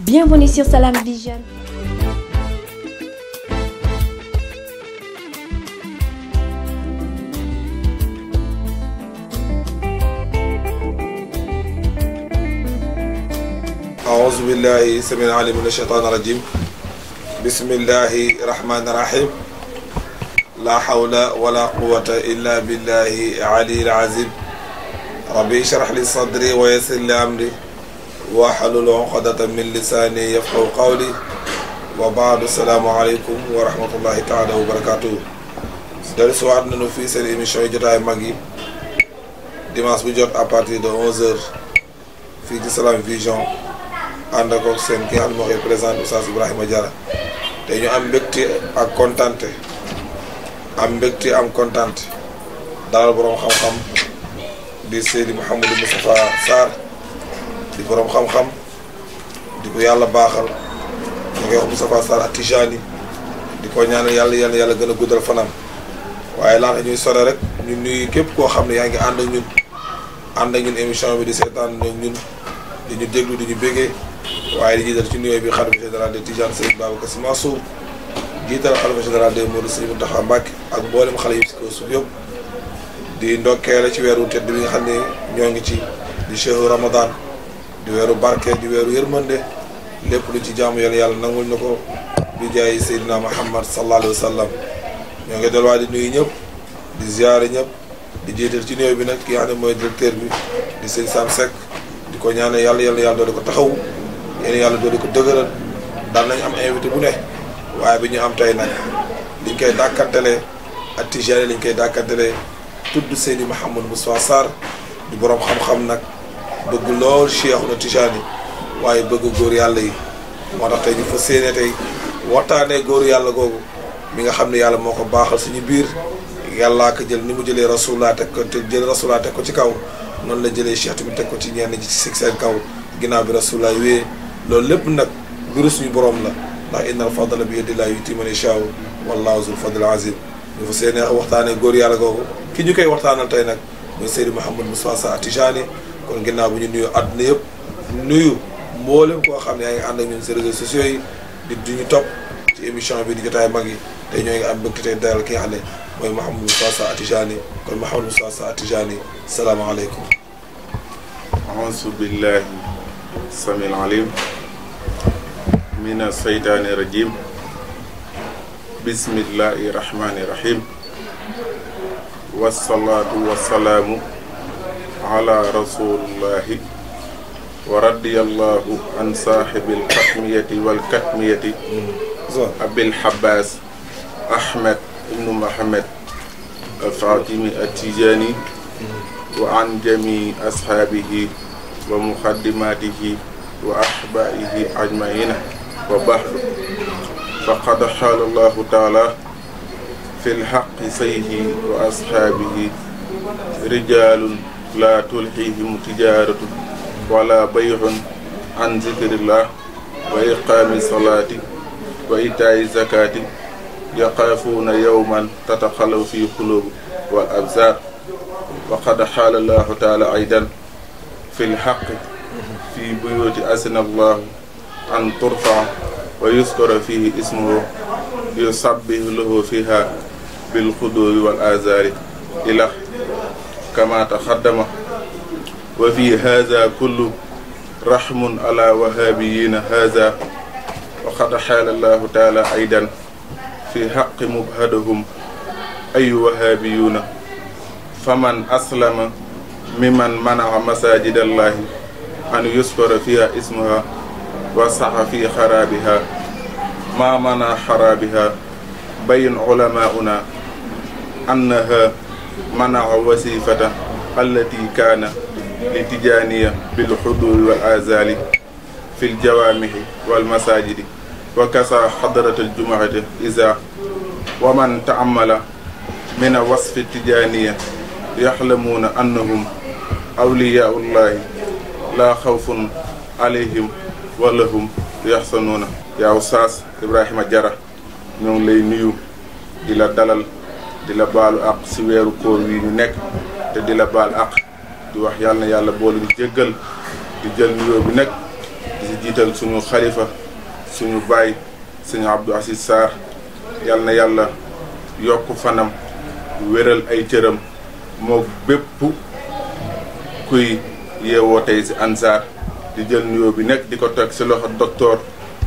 Bienvenue sur Salam Vision. أعوذ بالله السميع العليم من الشيطان الرجيم بسم الله الرحمن الرحيم لا حول ولا قوة إلا بالله العلي العظيم ربي اشرح لي صدري ويسر لي أمري waxlul uqdata min lisaani yafqahu qawli wa baadu salaamu aleykum wa rahmatullahi wa barakaatu. dellu si waat nañu fii seen émission yi jotaay mag yi dimanche bu jot à partir de 11h fii ci Salam Vision ànd ak seen ki nga xam ne moo koy présenté am mbégte ak kontante am mbégte am kontante dalal boroom xam-xam di borom xam-xam di ko yàlla baaxal ñu koy wax Moustapha Sarr ak Tijani di ko ñaanal yàlla yàlla yàlla gën a guddal fanam waaye laata ñuy sore rek ñu nuyu képp koo xam ne yaa ngi ànd ak ñun ànd ak ñun émission bi di seetaan ñun di ñu déglu di ñu béggee waaye di jiital ci nuyoo bi xalifa général de Tijane Serigne Babacar Sy Mansour jiital xalifa général de Mouride Serigne Mountakha Mbacké ak mboolem xale yi si kaw suuf yëpp di ndokkee ci weeru tedd bi nga xam ñoo ngi ci di chehu Ramadan. di weeru barke di weeru yërmande lépp lu ci jaamu yàlla yàlla nangul na ko bi jaay Seydina Muhammad sallallahu alayhi wa sallam ñoo ngi delluwaat di nuyu ñëpp di ziare ñëpp di jiital ci néew bi nag mooy directeur bi di sëñ Sam Seck di ko ñaane yàlla yàlla yàlla doole ko taxaw yéen yàlla doole ko dëgëral daal nañ am invité bu ne waaye bi ñu am tey nag liñ koy dàkkantelee ak Tijaan liñ koy dàkkantelee tudd Seydi Mouhamadou Moustapha Sarr di borom xam-xam nag. bëgg lool Cheikhouna Tidiane waaye bëgg góor yàlla yi moo tax tey ñu fa séenee tey waxtaanee góor yàlla googu mi nga xam ne yàlla moo ko baaxal suñu biir yàllaa ko jël ni mu jëlee rasulullah teg ko jël rasulullah teg ko ci kaw noonu la jëlee Cheikh mu teg ko ci ñenn ji ci seen kaw ginnaaw bi rasulullah wéyee loolu lépp nag biru suñu borom la ndax innal fadla bi yadillaahi yu'tiihi man yashaa'u wallaahu zul fadlil aziim ñu fa séenee waxtaanee góor yàlla googu ki ñu koy waxtaanal tey nag mooy Seydi Mouhamadou Moustapha kon ginnaaw bu ñu nuyu àdduna yëpp nuyu mboolem koo xam ne yaa ngi ànd ak si réseaux sociaux yi di duñu topp ci émission bi di jotaay mag yi te ñoo ngi am bëgg tey dalal ki nga xam ne mooy Mouhamadou Moustapha Atijani kon Mouhamadou Moustapha Atijani salaamaaleykum aousu billahi samil alim mina seytaani rajim bismillahi rahmani rahim wasalaatu wasalaamu ala rasulillahi wa radiyallahu an saaxibil xatmiyati wal katmiyati abil xabbaas ahmed ibnu mohamed alfatimi attijaani wa an jami ashaabihi wa muqaddimaatihi wa ahbaihi ajmaina wa baxdu faqad xaala allahu taala fi lxaqi sayhi wa ashaabihi rijalun laa tulhiihim tijaaratu wala bay'un an zikrillah wa iqaami salaati wa itaayi zakaati yaqaafuuna yawman tataqallabu fiihi quluubu wal absaar wa qad xaala allahu taala aydan fi lxaqi fi buyuuti asina allahu an turfa wa yuskara fiihi ismuhu yusabbihu lahu fiiha bilxuduwi wal aazaari ilaah kama taxaddama wa fi haza kullu rahmun ala wahaabiyina haza wa qad xaala allahu taala aydan fi xaqi mubhadahum ayu wahaabiyuna faman aslama mimman manaa masajida allahi an yuskara fiha ismuha wa saxa fi xaraabiha ma mana xaraabiha bayin ulamauna annaha منع وسيفة التي كان لتجانية بالحضور والآزال في الجوامع والمساجد وكسى حضرة الجمعة إذا ومن تعمل من وصف التجانية يحلمون أنهم أولياء الله لا خوف عليهم wala hum yaxsanuuna yaaw saas Ibrahima Jara ñoo ngi lay nuyu di la dalal di la baalu àq si weeru koor wi ñu nekk te di la baal àq di wax yàlla na yàlla boolu ñu di jël nuyoo bi nekk di si jiital suñu xalifa suñu baay sëñ Abdou Aziz Sarr yàlla na yàlla yokk fanam wéral ay cëram moo bépp kuy yeewoo tey si Ansar di jël nuyoo bi nekk di ko teg ci loxo docteur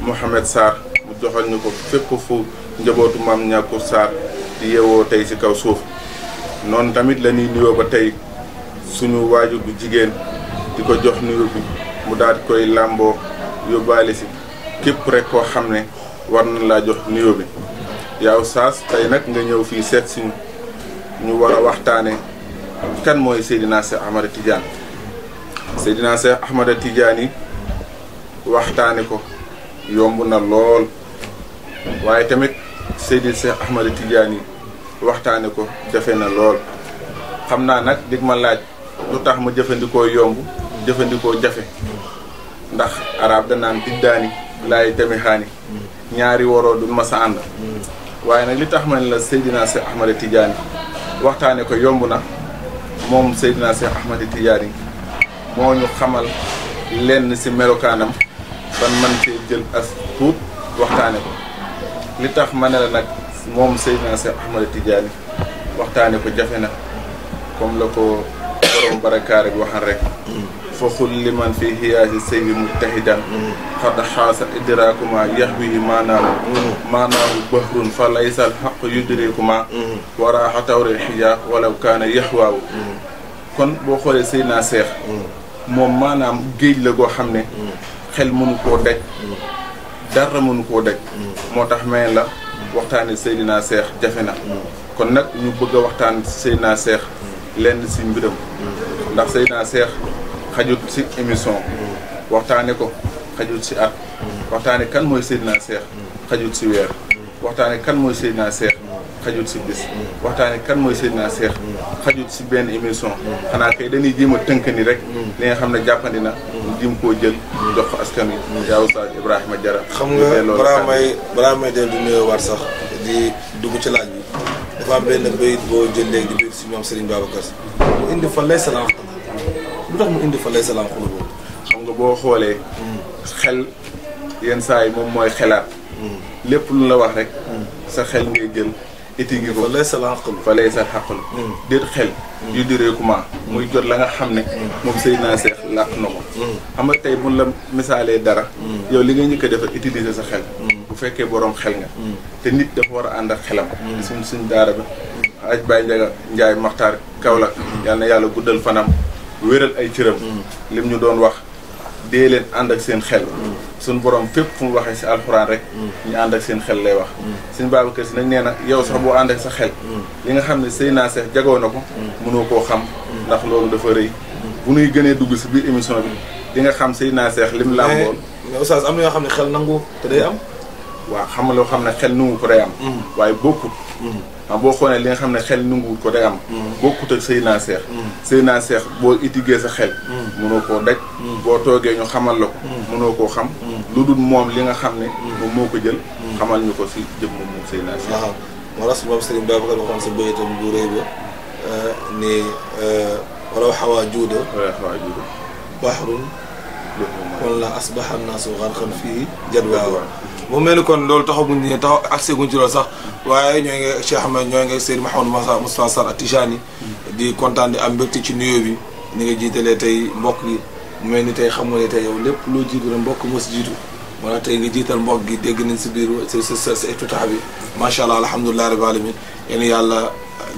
Mouhamed Sarr mu joxal ñu ko fépp fu njabootu maam ñàkku Sarr yeewoo tey ci kaw suuf noonu tamit la ñuy nuyoo ba tey suñu waajur bu jigéen di ko jox nuyoo bi mu daal koy làmboo yóbbaale si képp rek ko xam ne war laa jox nuyoo bi yow saas tey nag nga ñëw fii seet si ñu war waxtaane kan mooy Seydina Cheikh Ahmada Tidiane Seydina Cheikh Ahmada Tidiane yi waxtaane ko yomb na lool waaye tamit Seydina Cheikh Ahmada Tidiane waxtaane ko jafe na lool xam naa nag dig ma laaj lu tax ma jëfandikoo yomb jëfandikoo jafe ndax arab danaan diddaani laay temi ñaari waroo du ma sa ànd waaye nag li tax ma ne la Seydina Cheikh Ahmada Tidiane waxtaane ko yomb na moom Seydina Cheikh Ahmada Tidiane moo ñu xamal lenn ci melokaanam ban man cee jël as tuut waxtaane ko li tax ma ne la nag moom Seydina Cheikh Ahmada Tidiane waxtaane ko jafe na comme la ko borom barakaare bi waxan rek fa xul liman fi xiyaasi seybi mujtahidan xad xaasa idrakuma yax biyi maanaamu maanaamu bahrun fa laysal xaq yudrikuma waraaxa tawre xija wala kaana yaxwaawu kon boo xoolee Seydina Cheikh moom maanaam géej la goo xam ne xel mënu koo daj dara mënu koo daj moo tax may la waxtaane Seydina Seex jafe na kon nag ñu bëgg a waxtaan Seydina Seex lenn si mbiram ndax Seydina Seex xajut si émission waxtaane ko xajut si at waxtaane kan mooy Seydina Seex xajut si weer waxtaane kan mooy Seydina Seex xajul si bis waxtaane kan mooy Seydina Cheikh xajul si benn émission xanaa kay dañuy jéem a tënk ni rek li nga xam ne jàppandi na jéem koo jël jox ko askan wi yaa Oustaz Ibrahima Diarra xam nga balaa may balaa may del di nuyoo war sax di dugg ci laaj bi dafa boo jël léegi di si ñoom Serigne Babacar si indi fa lay salaam lu indi fa lay salaam xam nga boo xoolee xel yenn saa yi moom mooy xelaat mm. lépp lu la wax rek mm. sa xel ngay jël iti ngi ko fa laysal xaqul mm. déet xel yu direeku ma muy jot la nga xam ne mm. moom sëy naa seex làkk na ko mm. xam nga tey buñ la misaalee dara yow li ngay njëkk a defar utiliser sa xel bu fekkee boroom xel nga te nit dafa war a ànd ak xelam suñ suñ daara bi aj Baye Njaga Njaay Maxtaar Kaolack yàlla na yàlla guddal fanam wéral ay cëram lim ñu doon wax dee leen ànd ak seen xel suñu borom fépp fu mu waxee si alxuraan rek mm. ñu ànd ak seen xel lay wax mm. suñu Babacar Si nañ nee na yow sax boo ànd ak sa xel mm. li nga xam ne sëy naa seex jagoo na ko mënoo koo xam ndax loolu dafa rëy bu nuy gënee dugg si biir émission bi di nga xam sëy naa seex lim làmbool mais oustaz am na yoo xam ne xel nangu te day am waaw xam loo xam ne xel nu mu ko day am waaye bokkut boo xoolee li nga xam ne xel nanguwul ko day am. Mm. bokkut ak Seydina Seex. Mm. Seydina Seex boo itigee sa xel. Mm. mënoo koo daj. boo toogee ñu xamal la ko. mënoo koo xam. lu dul moom li nga xam ne. moom moo ko jël. xamal ñu ko si jëmm moom Seydina Seex. waaw moo moom Serigne si bëyitam bu rëy ba eh, ni eh, wala waxawaa juuda. wala waxawaa juuda. baaxarun. wala asbaha naasu xarxan fii jadwaawa mu mel ni kon loolu taxaguñ ne taxaw accès guñ ci loolu sax waaye ñooy nga Cheikh Ahmed ñooy nga Seydou Mouhamadou Moustapha Sarr ak Tijani di kontaan di am mbégte ci nuyoo bi ni nga jiitalee tey mbokk gi mu mel ni tey xam nga ne tey yow lépp loo jiitu la mbokk moo si jiitu wala tey nga jiital mbokk gi dégg nañ si biir sa sa sa iftitaax bi macha allah alhamdulilah rabbil alamin yéen yàlla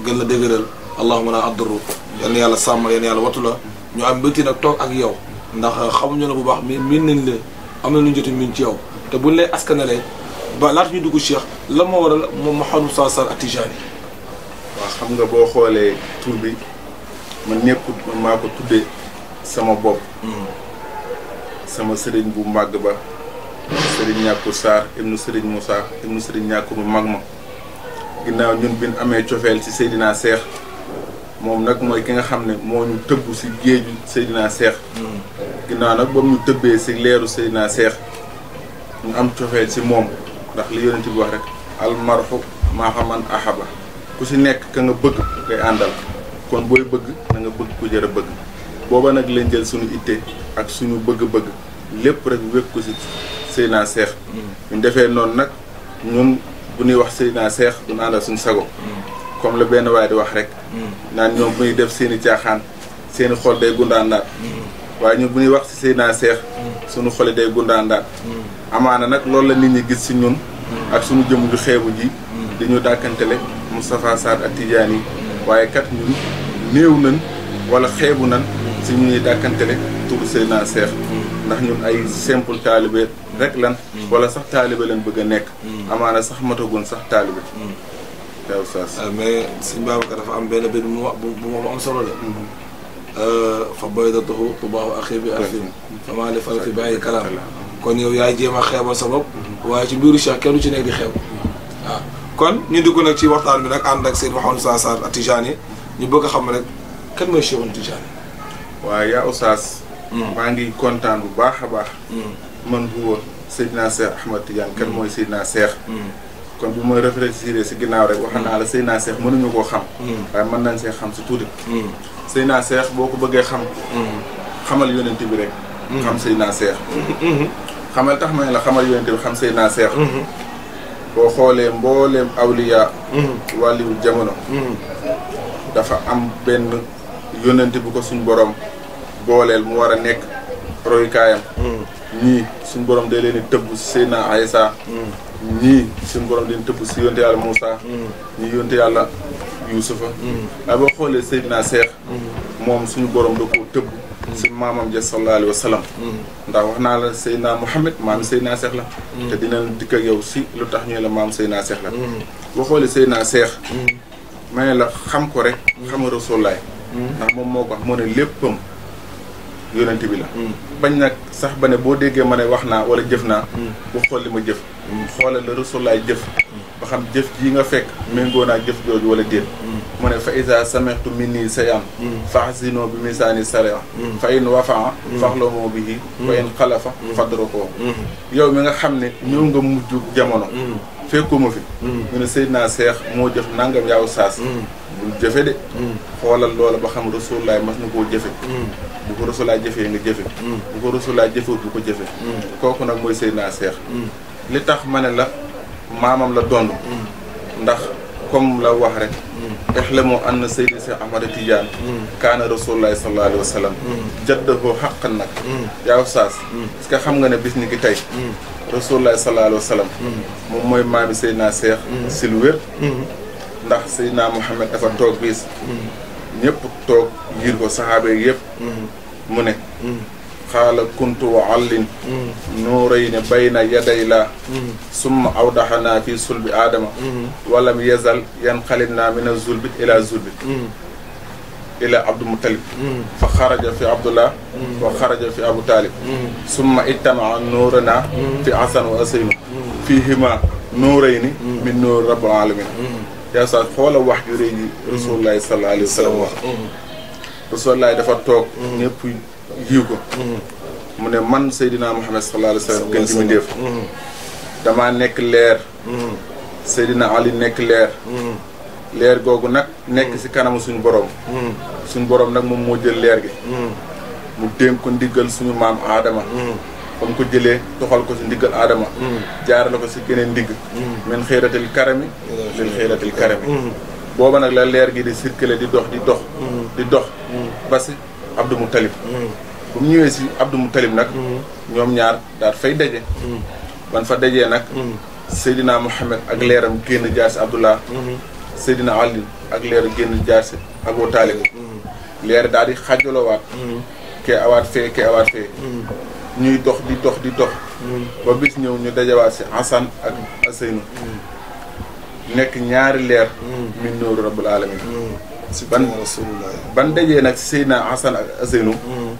gën la dëgëral allahumma la adru yéen yàlla sàmmal yéen yàlla watu la ñu am mbégte nag toog ak yow ndax xamuñu la bu baax mais miin nañ la am na lu joti jot miin ci yow te bu lay askanalee ba laata ñu dugg Cheikh la moo waral moom Mouhamadou Sall Sall ak Tijaan yi. xam nga boo xoolee tur bi ma nekkul man maa ko tuddee sama bopp. Hmm. sama sëriñ bu màgg ba. sëriñ ñàkku Sarr ibnu sëriñ mu Moussa ibnu sëriñ ñàkku mu mag ma ginnaaw ñun bin amee cofeel ci Seydina Seex moom nag mooy ki nga xam ne moo ñu tëbb ci géeju Seydina Seex ginnaaw nag boobu mu tëbbee si leeru naa Seex ñu am cofeel si moom ndax li yonent bi wax rek almarfu maa xaman ahaba ku si nekk ka nga bëgg ngay àndal kon booy bëgg na nga bëgg ku jar bëgg booba nag leen jël suñu ite ak suñu bëgg-bëgg lépp rek wékk ko si Seydina Seex mm. ñu defee noonu nag ñun bu ñuy wax Seydina Seex duñ àndal suñu sago mm. comme la benn waaye di wax rek mm. naan ñoom bu ñuy def seen i caaxaan seen i xol day gundaan waaye ñu bu ñuy wax ci Seydina Cheikh suñu xoli day gundaandaan amaana nag loolu la nit ñi gis ci ñun ak suñu jëm ju xeebu ji di ñu dàkkantele Moustapha Sarr ak Tidiane yi waaye kat ñun néew nan wala xeebu nan si ñu ñuy dàkkantele turu Seydina Cheikh ndax ñu ay simple taalibe rek lan wala sax taalibe lan bëgg a nekk amaana sax matagun sax taalibe waaw mm. ah, mais sëñ Babacar dafa am benn benn bu mu wax bu mu am solo la mm-hmm. fa baydatuhu tubaahu axi bi arfin fama li farati bàyyi kalaam kon yow yaay jéem a xeebal sa bopp waaye ci mbiru cheikh kenn du ci nekk di xeeb waaw kon ñu dugg nag ci waxtaan bi nag ànd ak seen waxoon saa Sarr ak Tijaan yi ñu bëgg a xam rek kan mooy Cheikhoun Tijaan yi waaw yaa Oustaz hmm. maa ngi kontaan bu baax a baax hmm. man bu woon Seydina Cheikh Ahmad Tidiane kan hmm. mooy Seydina Cheikh kon bu ma réfléchir si ginnaaw rek wax naa la Seydina Cheikh mënuñu koo xam waaye mën naa see xam si tuuti naa Seex boo ko bëggee xam xamal yonent bi rek xam Seydina Seex tax may la xamal yonent bi xam Seydina Seex boo xoolee mbooleem awliya wàlliwu jamono dafa am benn yonent bu ko suñ boroom booleel mu war a nekk royukaayam ñii suñ borom day leen tëbb si Seydina Aysa ñii suñ borom leen tëbb si yonte yàlla Moussa ñii yonte yàlla Yuusufa waaye boo xoolee Seydina Seex moom suñu borom da koo tëbb si maamam ja sallallahu alayhi ndax wax naa la Seydina Muhammad maam Seydina Seex la te dinañ dikk yow si lu tax ñu la maam Seydina Seex la boo xoolee Seydina Seex ma ne la xam ko rek xama Rasulullaay ndax moom moo ko wax moo ne léppam yonent bi la bañ nag sax ba ne boo déggee ma ne wax naa wala jëf naa bu xool li ma jëf xoolal la Rasulullaay jëf ba xam jëf ji nga fekk méngoo naa jëf jooju wala déet mm. mu ne fa isa samertu mi nii sayan mm. faxsinoo bi misaani sarea mm. fa in wafaa faxlamoo bihi fa in xalafa fadrakoo yow mi nga xam ne mu nga mujj jamono fekkuma fi mu ne Seydina Seex moo jëf nangam yaaw saas bul jëfe de xoolal loola ba xam rasulaay mas na koo jëfe bu ko rasulaay jëfee nga jëfe bu ko rasulaay jëfewut bu ko jëfe kooku nag mooy Seydina Seex li tax ma ne la maamam la doon mm. ndax comme la wax rek mm. ixlamu anna saydi si ahmada tidiane mm. kaana rasulullahi sallallahu alayhi wa sallam jaddahu nag yaa saas parce que xam nga ne bis ni ki tey rasulullahi sallallahu alayhi wa sallam moom mooy maami seydina seex si ndax seydina Muhammad dafa toog bis ñëpp toog yiir ko saxaaba yi mu ne xaala kuntu wa allin mm. nuurayni bayna yaday laa mm. summa awdaxanaa fi sulbi aadama mm. walam yazal yanqalib naa min a zulbi ila zulbi ila abdou moutalib fa xaraja fi abdoullah wa xaraja fi abou talib summa ijtamaa nuurana fi asan wa asaynu fiihima nuurayni min nuur rabbil alamin yaa sa xoola wax ju rëy ji rasulullahi sallallahu alayhi wa sallam wax rasulullahi dafa toog ñëpp yiw ko mu ne man Seydina Muhammad sallallahu alayhi wa sallam mm-hmm. nekk leer mm-hmm. Seydina Ali nekk leer mm-hmm. leer googu nag nekk ci kanamu suñu borom suñu borom nag moom moo jël leer gi mu dénk ko ndiggal suñu maam aadama ba mu ko jëlee toxal ko ci ndiggal aadama jaarale ko ci geneen ndigg men xëyratil karami men xëyratil karami booba nag la leer gi di circulé di dox di dox di abdu Moutalib mm. bu mu ñëwee si Abdou Moutalib nag mm. ñoom ñaar daal fay daje mm. ban fa dajee nag Seydina Mouhamed ak leeram génn jaarsi Abdullah mm-hmm. Seydina Ali ak leeram génn jaarsi Abu Taalib leer daal di xaajalowaat kee awaat fee kee awaat fee ñuy dox di dox di dox ba bis ñëw ñu dajawaat si Hassan ak Ousseynou nekk ñaari leer min nooru rabbul alamin si ban ban dajee nag Seydina Hasan ak Aseynu hmm.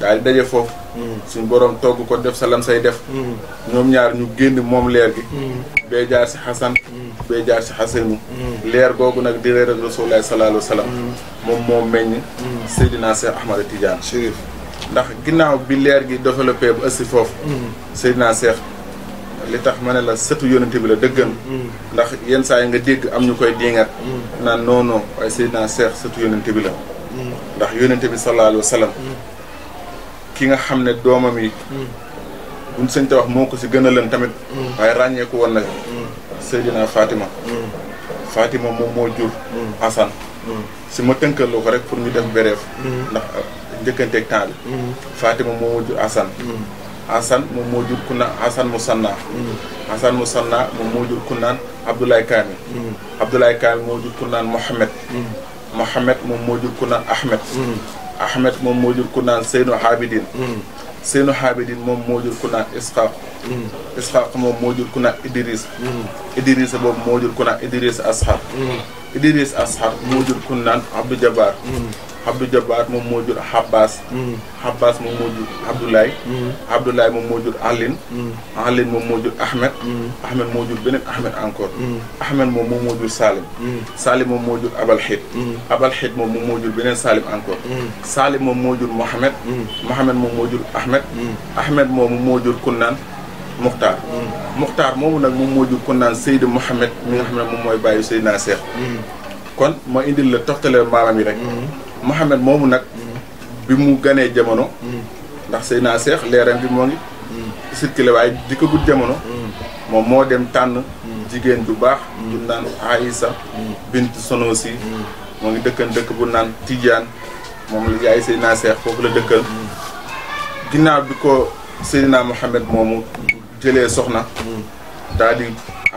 daal di daje foofu hmm. suñ boroom togg ko def salam say def hmm. ñoom ñaar ñu génn moom leer gi bee jaar si Hasan bee jaar si Aseynu leer googu nag di reeral Rasulullah sallallahu alayhi wa sallam moom moo meññ Seydina Cheikh Ahmad Tidiane Chérif ndax ginnaaw bi leer gi développé ba ëssi foofu Seydina Cheikh li tax ma ne la sëtu yonente bi la dëggan ndax yenn saa yi nga dégg am ñu koy diingat naa non non waaye Seydina Cheikh surtout yónente bi la ndax yónente bi sallallahu alayhi wa sallam ki nga xam ne doomam yi buñ sëñ wax moo ko si gën a leen tamit waaye ràññeeku woon na Seydina Fatima Fatima moom moo jur Hassan si ma tënkal ko rek pour ñu def béreef ndax njëkkanteeg temps bi Fatima moom moo jur Hassan Hassan moom moo jur ku naan Hassan Musanna mm. Hassan Musanna moom moo jur ku naan Abdoulaye Kamil mm. Abdoulaye Kamil moo jur ku naan Mohamed mm. Mohamed moom moo jur ku naan Ahmed Ahmed moom moo jur ku naan Seynou Habidin Seynou Habidin moom moo jur ku naan Isxaq Isxaq moom moo jur ku naan Idris Idris boobu moo jur ku naan Idris Asxar Idris Asxar moo jur ku naan Abdou Jabbar Abdou Jabaat moom moo jur Habbaas. Habbaas moom moo jur Abdoulaye. moom moo jur Aline. moom moo jur Ahmed. Ahmed moo jur beneen Ahmed encore. Ahmed moom moom moo jur Salim. Salim moom moo moo jur beneen Salim encore. Salim moom moo jur Mohamed. Mohamed moom moo jur Ahmed. Ahmed moom moo jur Kunnaan. Muxtaar Muxtaar moomu nag moom moo jur kon naan Seydou Mohamed mi nga xam ne moom mooy bàyyi Seydina Seex kon ma indil la toxtale maamam yi rek Mouhamed moomu nag bi mu ganee jamono ndax sëy naa seex leeram bi moo ngi circulé waaye di ko gudd jamono moom moo dem tànn jigéen ju baax ju naan Aïssa bint Sonosi moo ngi dëkkan dëkk bu naan tiijaan moom la yaay sëy naa seex foofu la dëkkal ginnaaw bi ko Seydina Mohamed moomu jëlee soxna daal di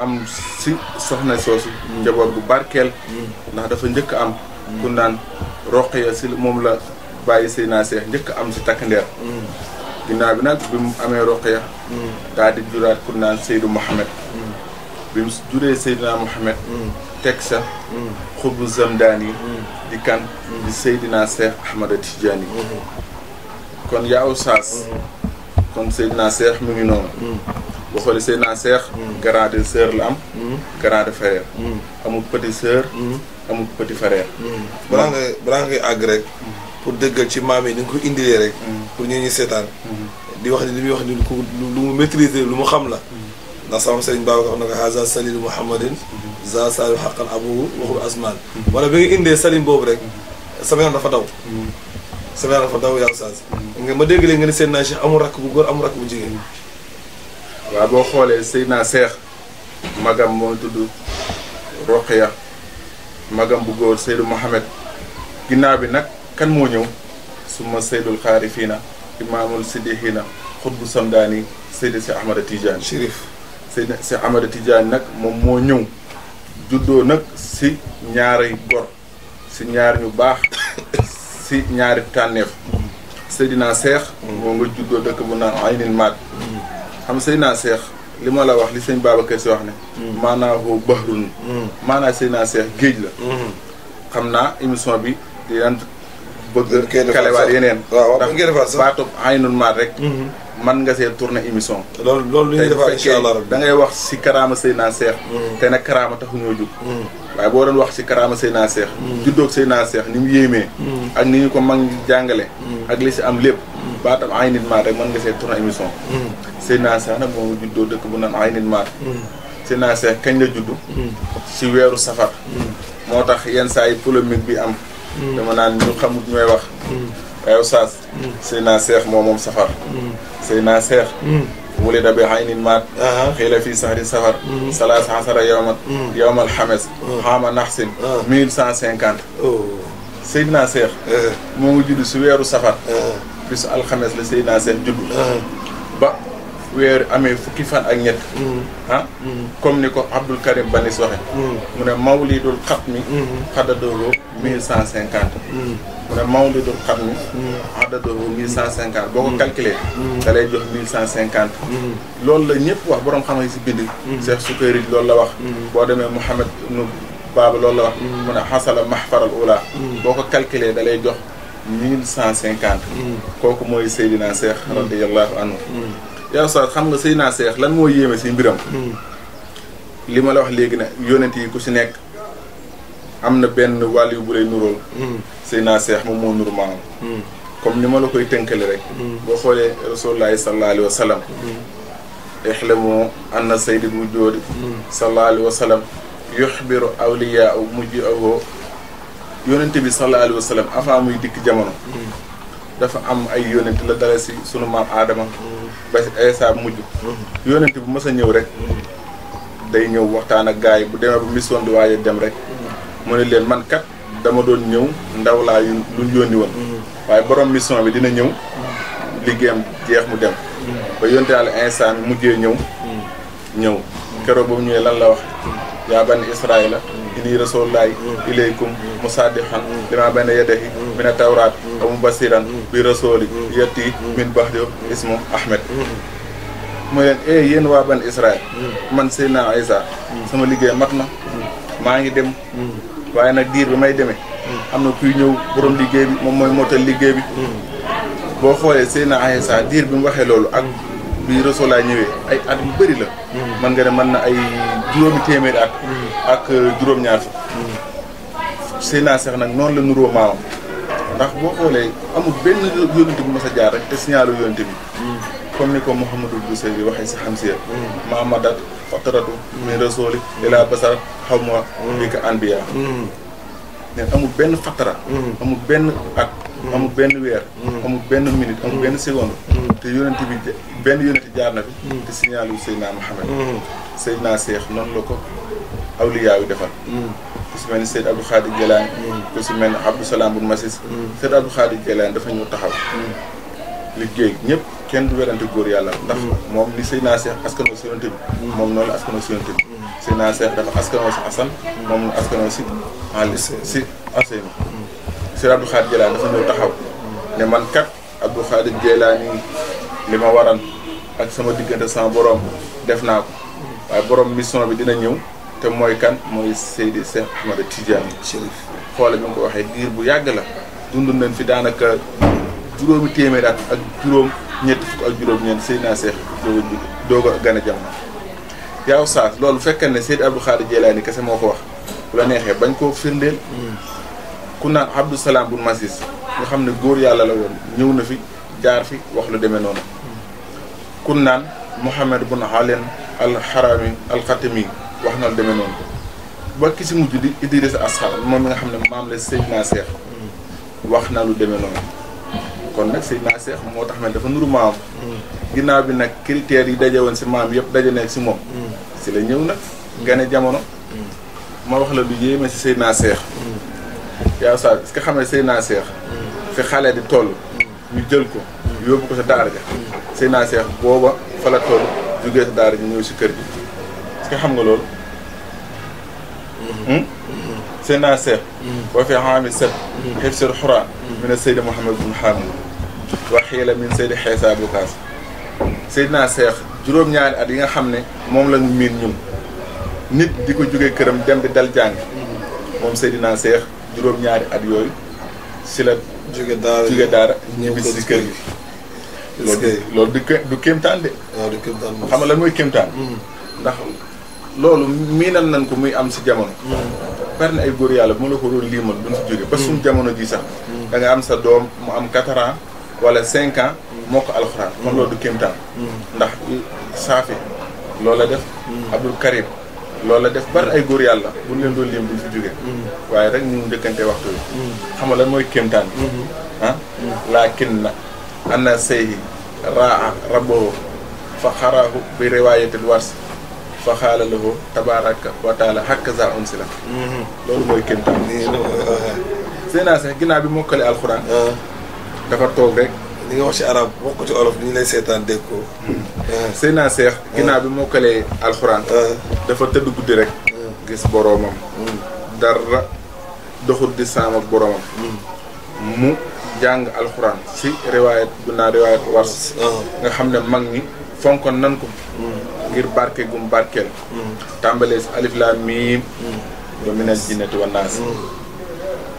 am si soxna soosu njaboot bu barkeel ndax dafa njëkk am ku naan Roqeya si moom la bàyyi Seydina Cheikh njëkk am si takk ndeer mm. ginnaaw bi nag bi mu amee Roqeya mm. daal di juraat ku naan Seydou Mohamed mm. bi mu juree Seydina Mohamed teg xubu zamdaan di kan di Seydina Ahmada Tidiane mm-hmm. kon yaaw saas mm-hmm. kon Seydina Cheikh mu ngi noonu boo seen Seydina Seex mm. grand de sœur la am mm. grand de frère mm. amul petit sœur amul petit frère balaa nga balaa ngay àgg rek pour dëggal ci maam yi ni nga koy indilee rek pour ñu ñu seetaan di wax ni li muy wax ni lu ko lu mu maîtriser lu mu xam la ndax sama sëriñ Babacar wax na ko haza salilu muhammadin za salilu xaqan abu waxul asmaan wala bi nga indee salim boobu rek sama yaram dafa daw sama yaram dafa daw yaa saas ma dégg léegi nga ne seen naa Cheikh amul rakk bu góor amul rakk bu jigéen waa boo xoolee Seydina Seex magam moo tudd Roqiya magam bu góor Seydou Mohamed ginnaaw bi nag kan moo ñëw suma Seydul Xaarifiina Imaamul Siddixiina Xutbu Samdaani Seydi si Ahmada Tidiane Chérif Seydi nag moom moo ñëw juddoo nag si ñaari gor si ñaari ñu baax si ñaari tànneef Seydina Seex moo nga juddoo dëkk bu naan Aynil Maat xam sëy naa seex li ma la wax li sëñ Babacar si wax ne mm. maanaahu bahrun mm. maanaa sëy naa seex géej la mm. xam naa émission bi di daan bëgg yeneen ndax baatub aynun maat rek mm-hmm. man nga see tourné émission. loolu loolu lu ñuy defar incha allah da ngay wax si karaama Seydina Seex. Hmm. te nag karaama taxuñoo jóg. Hmm. waaye boo doon wax si karaama Seydina Seex. Hmm. juddoog Seydina Seex ni mu yéemee. ak ni ñu ko mag jàngale. ak li si am lépp. baatam ay nit maat rek mën nga see tourné émission. Seydina Seex nag moom juddoo dëkk bu naan ay nit maat. Seydina Seex kañ la judd. si weeru safar. moo tax yenn saa yi polémique bi am. dama naan ñu xamut ñooy wax. yaa eh, oustaz mm. Seex moo moom safar mm. Seex mm. wulida bi aynin maat xiila fii sahri safar salaas asara yowma yowma cent cinquante oh. Seydina Seex eh. moo ngi judd si weeru safar eh. bisu Seex judd ah. ba weer amee fukki fan ak ñett mm. ah mm. comme ni ko Abdoul Karim Banis waxe mm. mu ne mawlidul xatmi mm-hmm. xadadoo mille cent cinquante mu ne mawlidul xatmi xadadoo mille cent cinquante boo ko calculé da jox mille cent cinquante loolu la ñëpp wax boroom xam-xam si bind Cheikh Sukayrij loolu la wax boo demee Mouhamed nu baaba lool la wax mu ne xasala mahfaral ula boo ko calculé da lay jox mille cent cinquante kooku mooy Seydina Cheikh radiallahu anhu yow sax xam nga naa Seex lan moo yéeme si mbiram. Hmm. li ma la wax léegi ne yónent yi ku si nekk am na benn wàll yu bu lay nuróol. Hmm. Seydina Seex moom moo nuru maamam. Hmm. comme ni ma la koy tënkale rek. boo xoolee rasulullaahi sallallaahu alayhi wa sallam. ixlamu anna sayyidal wujuudi. sallallaahu mujj awoo bi sallallaahu alayhi wa muy dikk jamono. dafa am ay yónent la dale si maam Aadama. ba sa mujj yonent bu mës a ñëw rek day ñëw waxtaan ak gars yi bu demee bu mission di waaye dem rek mu ne leen mankat dama doon ñëw ndaw laa yu luñ yónni woon waaye borom mission bi dina ñëw liggéem jeex mu dem ba yonte yàlla instant bi mujjee ñëw ñëw keroog ba mu ñëwee lan la wax yaa bani israila inni rasulullahi ilaykum musaddiqan lima bayna yadayhi mina tawraat amu basiran bi rasooli yetti min baxjo ismu ahmed mu leen e yéen waa ban israel man Seydina Isa sama liggéey mat na maa ngi dem waaye nag diir bi may demee am na kuy ñëw borom liggéey bi moom mooy mootal liggéey bi boo xoolee Seydina Isa diir bi mu waxee loolu ak bi rasoolaa ñëwee ay at yu bëri la man nga ne mën na ay juróomi téeméeri ak juróom-ñaar fi Seydina Seex nag noonu la nuróo maamam ndax boo xoolee amul benn yónnte bu mos a jaar rek te signaalu yónnte bi comme ni ko Mouhamadul Bousayri waxee si xam si mahamadat fataratu min rasuli ila basar xaw ma li ko anbiya benn fatara amul benn at amul benn weer amul benn minute amul benn seconde te yónnte bi benn yónnte jaar na fi te signaalu Seydina Mouhamed mm. Seydina Seex noonu la ko awliyaa defal ku si mel ni Seydou si mel ni Abdou Salam Bun Masis mm. Seydou Abdou Khadir Jelaani dafa ñëw taxaw mm. liggéey ñëpp kenn du werante góor yàlla ndax mm. moom li Seydina Cheikh askanoo si yonent bi moom noonu la askanoo si yonent bi Seydina Cheikh dafa askanoo si Assane moom askanoo si al si Ousseynou Seydou Abdou Khadir dafa ñëw taxaw ne man kat Abdou Khadir Jelaani li ma waran ak sama diggante sama borom def naa ko waaye borom mission bi dina ñëw te mooy kan mooy Seydi Cheikh Ahmada Tidiane Chérif xoola bi nga ko waxee diir bu yàgg la dund nañ fi daanaka juróomi téeméer at ak juróom ñett fukk ak juróom-ñeent Seydina Cheikh dooga dooga gën a jamono yaaw saas loolu fekkee ne Seydi Abdou Khadir Jeylaani kese moo ko wax bu la neexee bañ koo firndeel hmm. ku naan Abdou Salaam bun Masis nga xam ne góor yàlla la woon ñëw na fi jaar fi wax lu demee noonu hmm. kun naan Mouhamed bun Halen al Harami al Khatami wax na lu demee noonu ba ki si mujj di Idrissa Asxar moom mi nga xam ne maam la Seydina Seex wax na lu demee noonu kon nag naa Seex moo tax ne dafa nuru maam ginnaaw bi nag critères yi daje woon si maam yëpp daje nekk si moom si la ñëw nag gane jamono ma wax la lu yéeme si Seydina Seex yaa sa est-ce xam ne naa Seex fi xale di toll ñu jël ko yóbbu ko sa daara ja Seydina Seex booba fa la toll jógee sa daara ji ñëw si kër gi est xam nga loolu. Hmm? Hmm. Seydina Seex. wa fi aami set. xifsir xuraan. min Seydi Mouhamed bun Xaarun. wa Seex juróom-ñaari at yi nga xam ne moom lañu miin ñun. nit di ko jógee këram dem bi dal jàng. Hmm. moom naa Seex juróom-ñaari at yooyu si la. jóge daara ñibbi si kër gi. loolu du loolu de. xam nga lan mooy kéemtaan. ndax loolu miinal nañ ko muy am si jamono. Mm. bari na ay góor yàlla bu ma la ko doon limal duñ si jóge ba suñ mm. jamono ji sax. Mm. da nga am sa doom mu am 4 ans wala 5 ans. moo ko alxuraan. kon loolu du kéemtaan. ndax saafi loola def. Abdul Karim loola def bari ay góor yàlla buñ leen doon lim duñ si jóge. waaye rek ñu njëkkante waxtu bi. xam nga lan mooy kéemtaan mm-hmm. ah? bi. ah laakin na ana sayhi raa raboo fa xaala lahu tabaaraka wa taala hakaza unsila mhm. loolu mooy kéntaan Seydina Cheikh ginnaaw bi mokkale alxuraan ah. dafa toog rek li nga wax ci arab wax ko ci olof ni ñu lay seetaan dégg ko hmm. ah. Seydina Cheikh ah. ginnaaw bi mokkalee alxuraan dafa tëdd guddi rek gis boroomam hmm. dara doxul di saam ak boroomam hmm. mu jàng alxuraan si riwaayat bu naa riwaayat wars nga xam ne mag ñi fonkoon nan ko ngir barke gum barkeel mm. tàmbalee si alif laam miim mm. ba minas jinnati wan naas mm.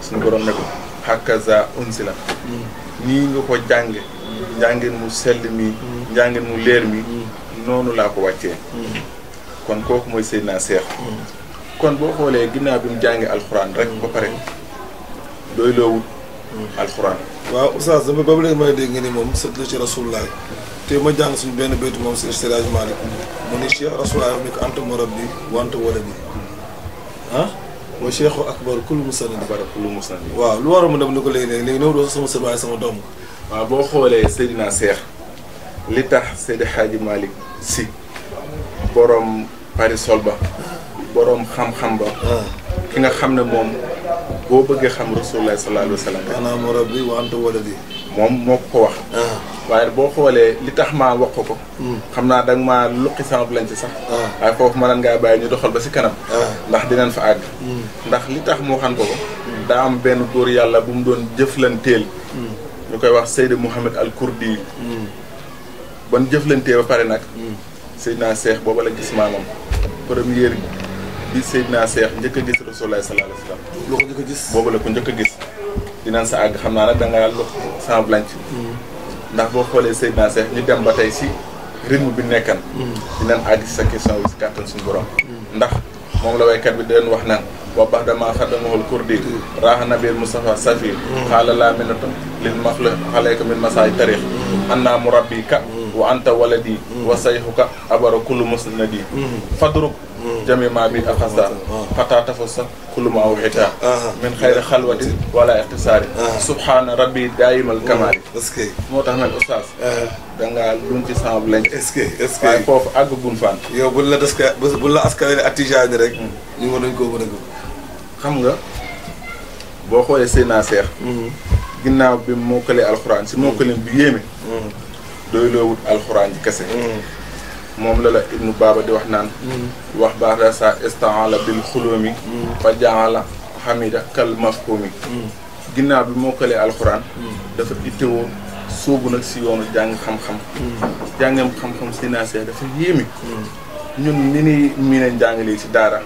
suñu borom ne ko hakaza unsila nii nga ko jànge njàngin mu sell mi njàngin mu leer mi noonu laa ko wàccee kon kooku mooy Seydina Seex kon boo xoolee ginnaaw bi mu jàngi alxuraan rek ba pare doy loowut alxuraan waaw oustaz dama ba léegi may dégg nga ni moom sët la ci rasulullah te ma jàng suñu benn béytu moom seen Seydi Hadji Malick mu ni Cheikh Rasulullah ni ko anta marab bi wante wala bi ah mooy Cheikhu Akbar waaw lu war a mu dem ni ko léegi léegi néew doo sama sët sama doom waaw boo xoolee Seydina seex li tax Seydi Hadji Malick si borom parasol ba boroom xam-xam ba ah. ki nga xam ne moom boo bëggee xam Rasulullah sallallahu alayhi wa sallam maanaam marab bi wante wala bi moom moo ko ko wax. Ah. waaye boo xoolee li tax maa wax ko ko. Hmm. xam naa da nga maa luqi sama lañ ci sax. Ah. waaye foofu mënoon ngaa bàyyi ñu doxal ba si kanam. Ah. ndax dinaan fa àgg. Hmm. ndax li tax mu xam ko ko. Hmm. daa am benn góor yàlla bu mu doon jëflanteel. ñu koy wax Seydou Mouhamed Al Kurdi. ban jëflantee ba pare nag. Seydina Seex booba la gis maamam. première bi Seydina Seex njëkk a gis Rasulullah sallallahu alayhi wa sallam. loo ko njëkk a gis boobu la ko njëkk a gis. dinañ sa àgg xam na nag da ngaa lu semblant ndax boo xoolee Seydina Cheikh ñu dem ba tey si rythme bi nekkan dinañ àgg sa question bi si kàttan suñu ndax moom la waykat bi den wax naan wa bax dama xadamahul kurdi raaxa nabil moustapha safir xaala laa minata lil maxlu xaleyka min masaay tarix annaa mu rabbika wa anta waladi wa sayxuka abara na musnadi fadruk jamima bi ak xasaan xataa tafasa kuluma aw xitaa min xayri xalwatin wala ixtisaari subhaana rabbi daayimal kamaali hmm. moo tax nag oustaz dangaa lum ci sanb lañ foofu àgg gun yow buñ la deska buñ la askawele attijaani rek hmm. ñu mën nañ koo mën a xam nga boo xoolee Seydina Seex hmm. ginnaaw bi mokkalee alxuraan si mokkaleen bi yéeme doy loo wut alxuraan ji kese moom la la ibnu baaba di wax naan mm. wax baax da sa istaala bil xulóomi mm. fa jaala xamida kal mafhumi mm. ginnaaw bi moo kalee alxuraan dafa ittewoo sóobu nag si yoonu jàng xam-xam jàngam xam-xam si naasee dafa yéeme ñun ni ni mii ne njàng si daara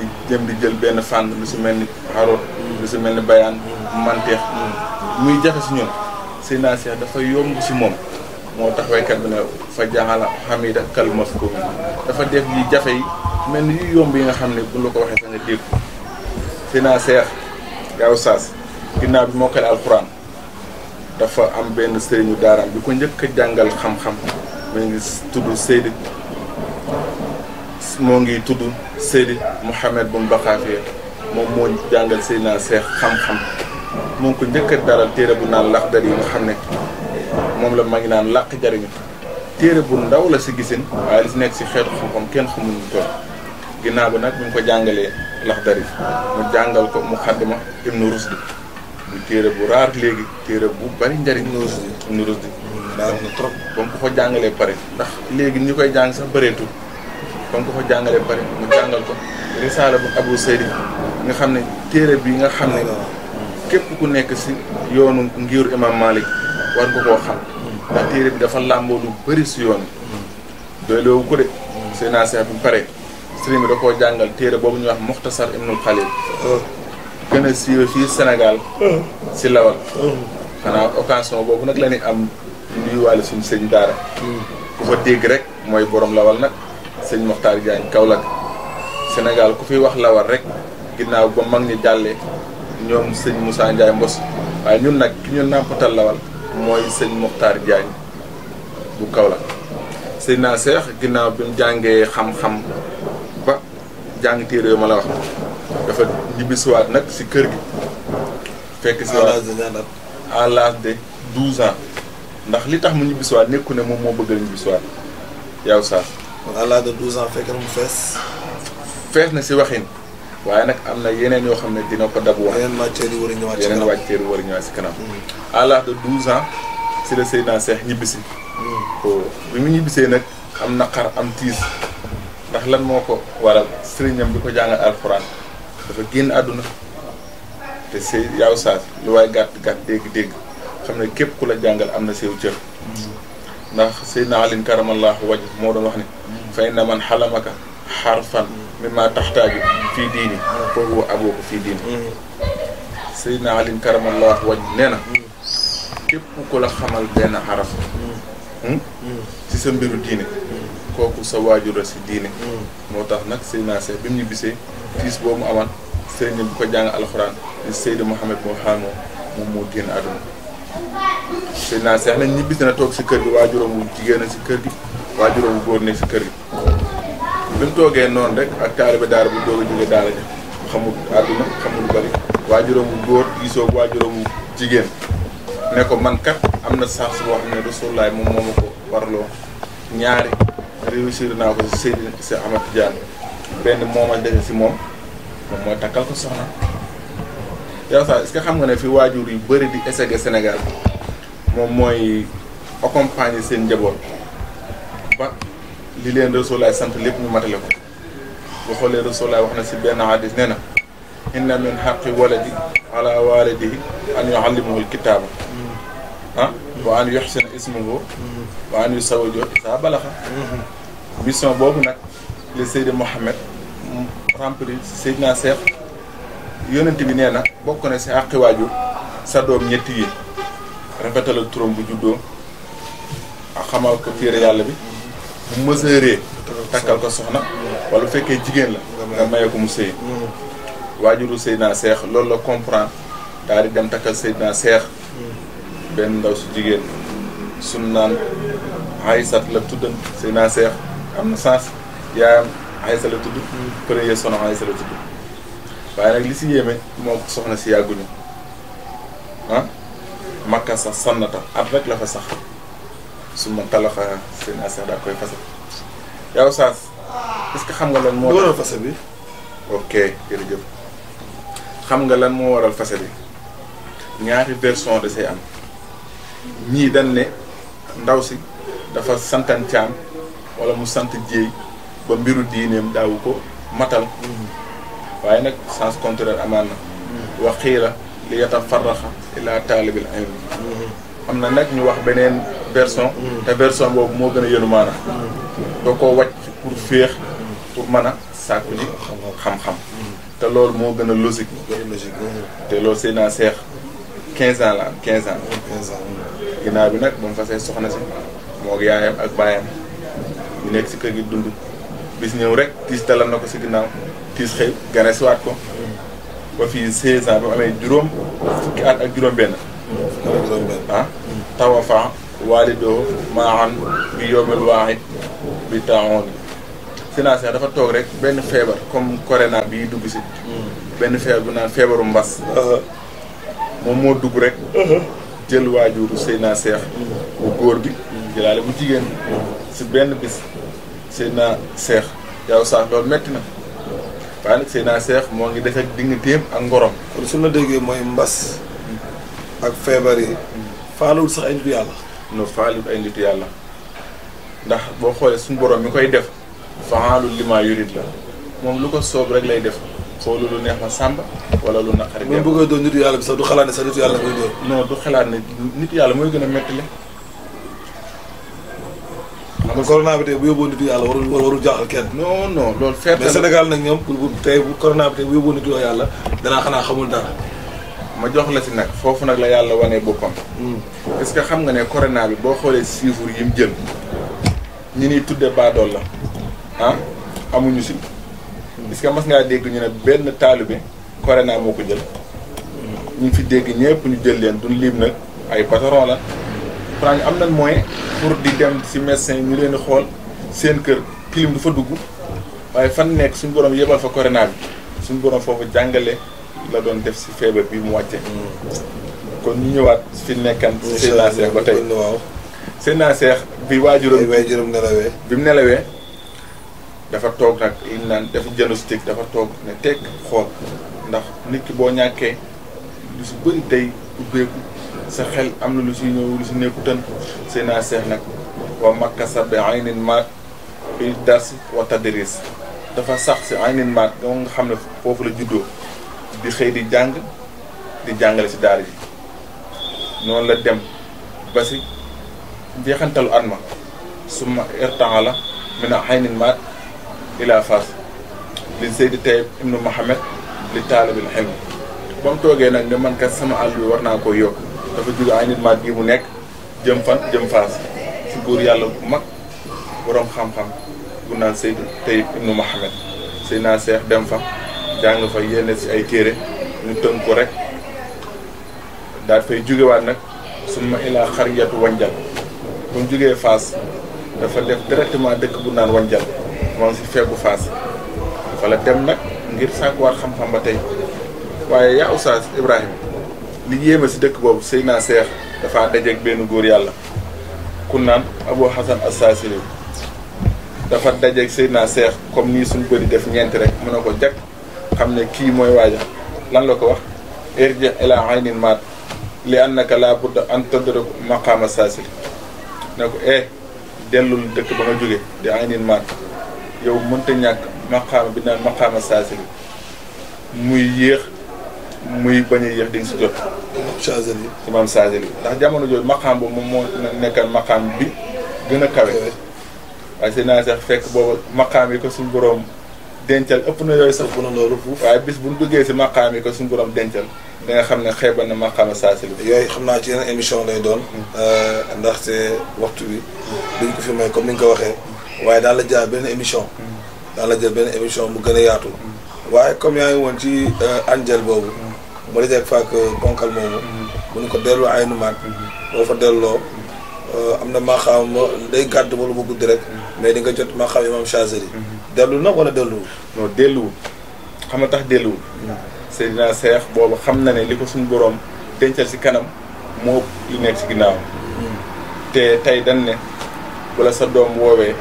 di jëm di jël benn fànn lu si mel ni xaroot lu si mel ni bayaan manteex muy jafe si ñun si naasee dafa yomb si moom moo tax waykat bi ne fa jaxala xamida kal mafkum dafa def yi jafe yi mel ni yomb yi nga xam ne bu la ko waxee fa nga dégg financière gaaw saas ginnaaw bi mokkale alxuraan dafa am benn sëriñu daaraam bi ko njëkk a jàngal xam-xam mu ngi tudd Seydi moo ngi tudd Seydi Mouhamed bun Baxaafiya moom moo jàngal Seydina Seex xam-xam moo ngi ko njëkk a daral téere bu naan laxdar yi nga xam ne moom la maa ngi naan làq jariñu téere bu ndaw la si gisin waaye li si nekk si xeetu xam-xam kenn xamul ñu toll ginnaaw bi nag mu ngi ko jàngalee Laxdari mu jàngal ko mu xaddima Ibnu Rusdi bu téere bu raar léegi téere bu bari njariñ Ibnu Rusdi daa na trop ba mu ko ko jàngalee pare ndax léegi ñi koy jàng sax bëreetul ba mu ko ko jàngalee pare mu jàngal ko risaala bu Abu Seydi nga xam ne téere bi nga xam ne képp ku nekk si yoonu ngiiru Imam Malik war nga koo xam ndax téere bi dafa làmboo lu bëri si yoon doyloowu ko de seen naaseex bi mu pare sëriñ bi da koo jàngal téere boobu ñuy wax Muxtasar Ibnul Xalil gën a siiwe fii Sénégal si lawal boobu nag la am nuyuwaale suñu sëñ daara ku ko dégg rek mooy borom lawal nag sëñ Moxtaar Jaañ Kaolack Sénégal ku fi wax lawal rek ginnaaw ba mag ñi jàllee ñoom sëñ Moussa Ndiaye Mbos waaye ñun nag ki ñu nàmpatal lawal mooy sëñ Mokhtar Diagne bu Kaolack sëñ naa seex ginnaaw bi mu jàngee xam-xam ba jàng téere ma la wax dafa ñibbisiwaat nag si kër gi fekk si waat à l'âge de douze ans ndax li tax mu ñibbisiwaat nekku ne moom moo bëgg la ñibbisiwaat yow saa à l'âge de douze ans fekk na mu fees fees na si waxin waaye nag am na yeneen yoo xam ne dina ko dab wax yeneen matières yu war a ñëwaat yeneen matières a ñëwaat si kanam hmm. à l'âge de 12 ans si la Seydina seex ñibbisi hmm. oh, bi mu ñibbisee nag am naqar am tiis ndax lan moo ko waral sëriñam bi ko jàngal alxuraan dafa génn àdduna te sey yaaw saas lu waaye gàtt gàtt dégg-dégg xam ne képp ku la jàngal am na sew cër hmm. ndax Seydina Alin karamallahu waj moo doon wax ne fay na man xalamaka xarfan mimma taxtaaju fii diini foofu wa ko fii diini mm-hmm. Seydina Alin karamallahu waj nee na mm-hmm. képp ku la xamal benn araf mm-hmm. hmm, ci sa mbiru diine kooku sa waajur si diine moo tax nag Seydina Seex bi mu ñu bisee tiis boobu mu aman sëriñ bu ko jàng alxuraan di Seydou Mohamed moo xam moom moo génn àdduna Seydina Seex nag ñibbisi na toog si kër gi waajuram wu jigéen a si kër gi waajuram wu góor ne si kër gi bi mu toogee noonu rek ak taalibe daara bu doog a jóge daara ja xamul àdduna xamul lu bari waajuram bu góor gisoo waajuram bu jigéen ne ko man kat am na sens boo xam ne Rasulullaay moom moo warloo ñaari réussir ko si Seydina si Ahmad moom si moom mooy takkal ko soxna yow sax est xam nga ne fi waajur yu bari di essayer Sénégal moom mooy accompagner seen njaboot li leen Rasulullah sant lépp ñu matale ko boo xoolee Rasulullah wax na si benn hadis nee na inna min xaqi waladi ala walidihi an yuallimahu alkitaaba ah wa an yuxsina ismahu wa an yusawajo saa balaxa mission boobu nag le Seydi Mouhamed rempli Seydina Seex yonent bi nee na bokk na si àqi waajur sa doom ñetti yi rafetal ak bu juddoo ak ko téere yàlla bi bu mësëree takkal ko soxna wala bu fekkee jigéen la nga maye ko mu sëy waajuru Seydina Seex loolu la comprendre daal di dem takkal Seydina Seex benn ndaw su jigéen sun naan Aysat la tuddan Seydina Seex am na sens yaayam Aysa la tudd premier sono la tudd waaye nag li si yéeme moo soxna si yàgguñu ah, makka sax sannata at rek la fa sax su ma talafa seen asan daa koy fase yow Saas est que xam nga lan moo waral fase bi nga lan moo waral fase ñaari version da say am ñii dañ ne ndaw si dafa santan caam wala mu sant jéey ba mbiru diineem daawu ko matal waaye nag sens contraire amaan na mm. waxiila li yata farraxa ilaa taalibil ayn mm-hmm. am na nag ñu wax beneen version mm. te version boobu moo gën a yënu maana mm. doo ko wàcc pour féex pour mën a sàkku ji xam-xam mm. te loolu moo gën a logique te loolu sëy naa seex quinze ans la quinze ans ginnaaw bi nag ba mu fasee soxna si moo yaayam ak baayam ñu nekk ci kër gi dund bis ñëw rek tiis dalal na ko si ginnaaw tiis xëy gane siwaat ko ba fii seize ans ba mu amee juróom fukki at ak juróom benn ah tawafa waalidoo bi yoomil waaxit bi taaxoon financé dafa toog rek benn feebar comme bi bii dugg si benn feebar bu naan feebaru mbas uh-huh. moom moo dugg rek uh-huh. jël waajuru Seydina Seex bu góor bi uh-huh. si benn bis Seydina Seex yow sax loolu metti na waaye nag Seydina Seex moo ngi def ak digganteem ak ngorom kon su la déggee mooy mbas ak feebar yi. faalul sax ay nitu yàlla. non faalul ay nitu yàlla ndax boo xoolee suñu borom mi koy def faalul lima yurid la moom lu ko soob rek lay def xoolu lu neex ma sàmb wala lu naqari. même bu koy doon nitu yàlla bi sax du xalaat ne sax nitu yàlla koy du xalaat ne nitu yàlla mooy gën a méttile. kon corona bi tey bu yóbboo nitu yàlla warul warul jaaxal kenn. non loolu. mais Sénégal nag ñoom pour tey bu corona bi tey bu yóbboo nitu yàlla danaa xanaa xamul dara. ma jox la si nag foofu nag la yàlla wanee boppam. Hmm. est-ce que xam nga ne corona bi boo xoolee chiffre yi mu jël ñi ñuy tuddee baadool la ah amuñu si. Hmm. est mas ngaa dégg ñu ne benn taalibe corona moo ko jël. ñu fi dégg ñëpp ñu jël leen du lim nag ay patron la. pourtant am nañ mooy pour di dem si médecin ñu leen di xool seen kër clim du fa dugg waaye fan nekk suñu borom yebal fa corona bi suñu borom foofu jàngale. la doon def si feebar bi mu wàcce kon ñu ñëwaat fi nekkan Seydina Cheikh ba tey Seydina Cheikh bi waajuram waajuram nelawee bi mu nelawee dafa toog nag li ñu naan def diagnostic dafa toog ne teg xool ndax nit ki boo ñàkkee lu si bëri tey ubbeeku sa xel am na lu si ñëw lu si nekku tën Seydina Cheikh nag wa makka sabe aynin maat fi dars wa tadris dafa sax si aynin maat nga xam ne foofu la juddoo di xëy di jàng di jàngale si daara yi noonu la dem ba si njeexantalu at ma suma irtaan la mi na xay nin maat di Fass li Seydi Tayyib ibnu Mohamed li taalibil xelmi ba mu toogee nag ne man kat sama àll bi war naa koo yokk dafa jóge ay nit maat gi mu nekk jëm fan jëm Fass si buur yàlla bu mag boroom xam-xam bu naan Seydi Tayyib ibnu Mohamed Seydina Seex dem fa jàng fa yenn si ay téere ñu tënk ko rek daal fay jógewaat nag su ma ilaa xariyatu wanjal bu mu jógee Fass dafa def directement dëkk bu naan wanjal moom si feegu Fass fa la dem nag ngir sàkkuwaat xam-xam ba tey waaye yaa Oustaz Ibrahima li yéeme si dëkk boobu sëy naa seex dafa dajeeg benn góor yàlla ku naan Abu Hasan Assaasili dafa dajeeg sëy naa seex comme nii suñu bëri def ñeenti rek mun na ko jag xam ne kii mooy waaja lan la ko wax irji ila aynin maat li annaka laa budda an tadrak maqaama saasil ne ko e dellul dëkk ba ma jóge di aynin maat yow mënta ñàkk maqaama bi naan maqaama saasil muy yéex muy bañ yéex di nga si jot saasel yi imaam ndax jamono jooju maqaam boobu moom moo nekkan maqaam bi gën a kawe waaye si naa sax fekk boobu maqaam yi ko suñ boroom dencal ëpp na yooyu sax bu na loolu fuuf waaye bis bu ñu duggee si maqaam yi ko suñu borom dencal da nga xam ne xeebal na maqaama saa si la yooyu xam naa ci yeneen émission lay doon ndax mm. euh, ndaxte waxtu bi duñ ko fi may comme ni nga ko waxee waaye daal la jaar benn émission mm. daan la jël benn émission mu gën a yaatu mm. waaye comme yaa ngi woon ci euh, angel boobu ma dajee ak faak bonkal moomu bu ñu ko delloo ay numaat boo fa delloo euh, am na maqaam day gàdd wala bu guddi rek mais di nga jot maqaam imam Chazeli dellu na wala delluwul. non xam nga tax delluwul. Seydina Seex boobu xam na ne li ko suñu boroom dencal si kanam moo yu nekk si ginnaaw. te tey dañ ne wala sa doom woowee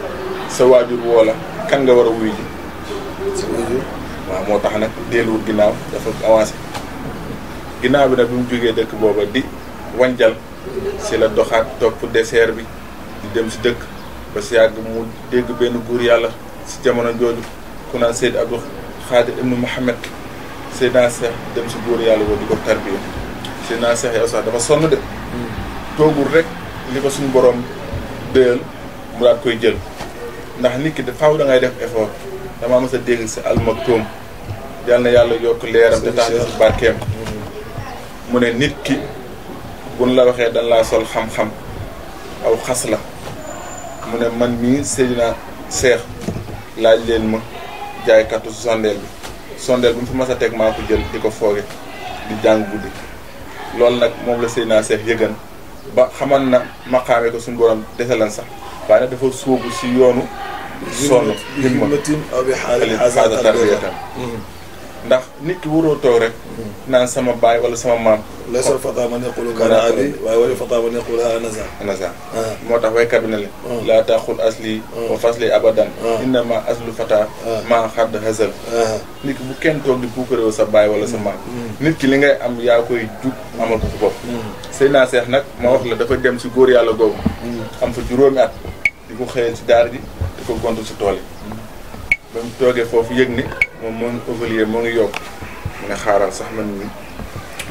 sa waajur woo la kan nga war a wuyu ji. waaw moo tax nag delluwul ginnaaw dafa avancé. ginnaaw bi nag bi mu jógee dëkk booba di wanjal si la doxaat topp désert bi di dem si dëkk ba si yàgg mu dégg benn góor yàlla. si jamono jooju ku naan Seyd Abdou nu ibnu Mouhamed Seydina Seex dem si góor yàlla woo di ko tarbiya Seydina Seex yow sax dafa sonn de toogul rek li ko suñu boroom déyal mu daat koy jël ndax nit ki faaw da ngay def effort damaa mës a dégg si Almaktoum yal na yàlla yokk leeram te tax si barkeem mu ne nit ki buñ la waxee dañ laa sol xam-xam aw xas la mu ne man mii Seydina Seex laaj leen ma jaaykatu sondeel bi sondeel bi mu fi mas a teg maa ko jël di ko fooge di jàng guddi loolu nag moom la Seydina Cheikh yëgan ba xamal na maqaame ko suñu borom desalan sax waaye nag dafa sóobu si yoonu sonn jëmma aw bi xaal a tarbiyatan hmm. ndax nit ki waroo toog rek. naan sama baay wala sama maam. laysa al-fataa man yaqulu kaana abii waaye wala al-fataa man yaqulu ah. moo tax waykat bi ne leen. Ah. laa taaxul asli. Ah. wa fasli abadan. innama aslu fataa. maa xadd hasal. nit ki sa baay wala sa hmm. Hmm. ki li ngay am yaa koy jug amal ko sa bopp. Hmm. Seydina Seex nag ma wax la dafa dem si góor yàlla googu. am fa juróomi at. di ko xëyal si daar ji di ko gont si tool yi. ba mu toogee foofu yëg ni. moom moo ngi évoluer moo ngi yokk mu ne xaaral sax man mi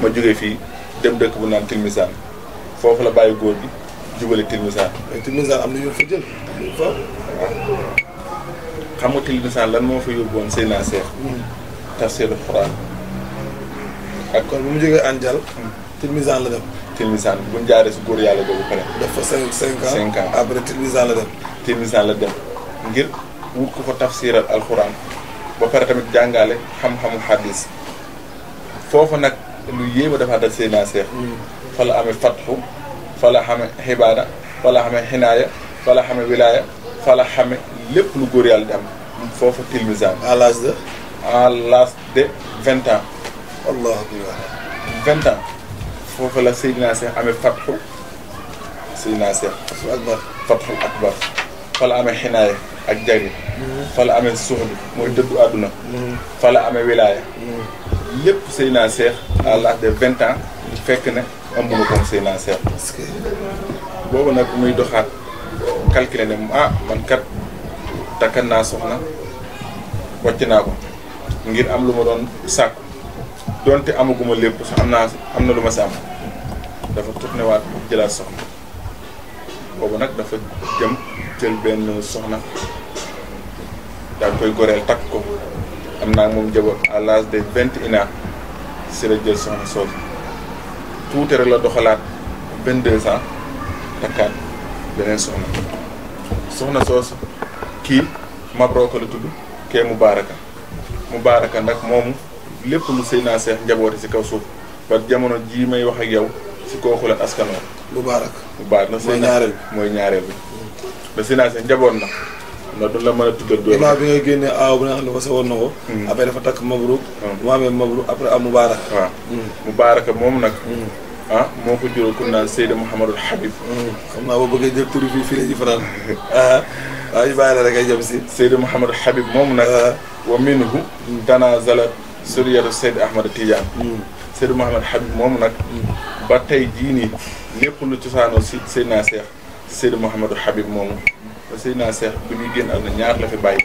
ma jógee fii dem dëkk bu naan Tilmisaan foofu la bàyyi góor bi jubale Tilmisaan. mais Tilmisaan am na ñu fa jël. waaw xam nga Tilmisaan lan moo fa yóbbuwoon Seyna Seex. Hmm. tafsiru Xuraan. ak kon bu mu jógee Anjal. Hmm. Tilmisaan la dem. Tilmisaan bu jaaree si góor yàlla boobu pare. def fa cinq cinq ans cinq la dem. la dem ngir wut ko fa tafsiral alxuraan. ba pare tamit jàngale xam-xamu xaddis foofu nag lu yéem a dafa dal Seydina fala mm. fa la amee fatxu fa la xame xibaada fa la xame xinaaya fa xame wilaaya fa xame lépp lu góor yàlla am foofu tilmisaan à en de de vingt ans vingt ans foofu la Seydina Seex amee fatxu Seydina Seex akbar fa la xinaaya ak jagri fa la amee suux bi mooy dëddu àdduna fala amee wilaaya lépp sëy naa seex à l'âge de vingt ans fekk ne ëmb na comme sëy naa seex boobu nag muy doxaat calculer ne ah man kat takkan naa soxna wàcc naa ko ngir am lu ma doon sàkku donte amaguma lépp sax am naa am na lu ma si am dafa tourné waat jëlaat soxna boobu nag dafa jëm jël benn soxna daal koy goreel takk ko am naa moom njaboot à l'âge de bent et un si la jël soxna soosu tuuti rek la doxalaat vingt deux ans takkaat beneen soxna soxna kii Mabroka la tudd kee Mubaaraka Mubaaraka nag moomu lépp lu sëy naa seex njabooti si kaw suuf ba jamono jii may wax ak yow si kooku la askanoo Mubaaraka Mubaaraka mooy ñaareel bi mooy ñaareel bi da sëy naa seex njaboot na ndax du la mën a tuddal doole ginnaaw bi ngay génnee aaw bi nga xam ne ba sa woon na ko hmm. après dafa takk mabruk hmm. mu amee mabruk après am mubaarak hmm. mubaaraka moom nag ah, moo ko jural ku naan Seyda Mouhamadul Habib xam naa boo bëggee a ah, rek ay jëm si Seyda Mouhamadul Habib moom nag ah. wa minhu tanazala suriyatu Seyda Ahmada Tidiane Seyda Mouhamadul Habib moom nag ba tey jii lépp lu cosaanoo si Seydina Seex Seyda Mouhamadul Habib moomu ba sëy naa seex bu ñuy génn am na ñaar la fi bàyyi.